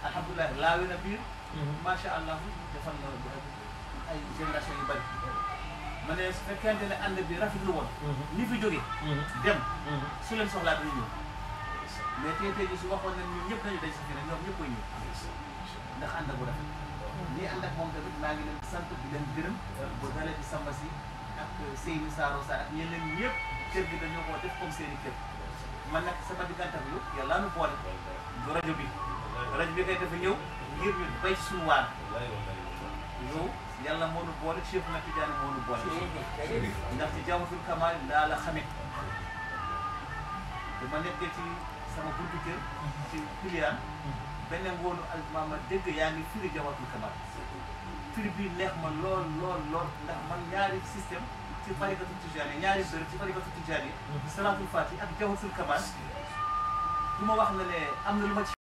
alhamdulilah laawee na biir hmm. Masha allah defal na ay génération yu bari ma su fekkente ne ànd bi rafetlu woon ni fi jógee dem su leen soxlaa dañu ñëw mais tey tey su waxoon ne ñun ñëpp nañu day safi ne ñoom ñëpp koy ndax ànd bu rafet nii ànd ak moom tamit maa ngi leen sant di leen gërëm ba dalee ci ak Seyni ak ñeneen kër gi ko def comme kër man sama nu boole rajo bi raj bi kay dafa ñëw ngir ñu bay suñu waar yow yàlla moo boole Cheikh na Tidiane moo nu boole ndax ci jawwatul kamal laa la xamit dama nekkee ci sama buntu kër ci Kuliyaan beneen ngoonu almaama dëgg yaa ngi firi jawwatul kamal firi bii neex ma lool lool lool ndax man ñaari système ci farikatu Tijaani ñaari bër ci farikatu Tijaani salaatul faati ak jawwatul kamal du ma wax ne ne am na lu ma ci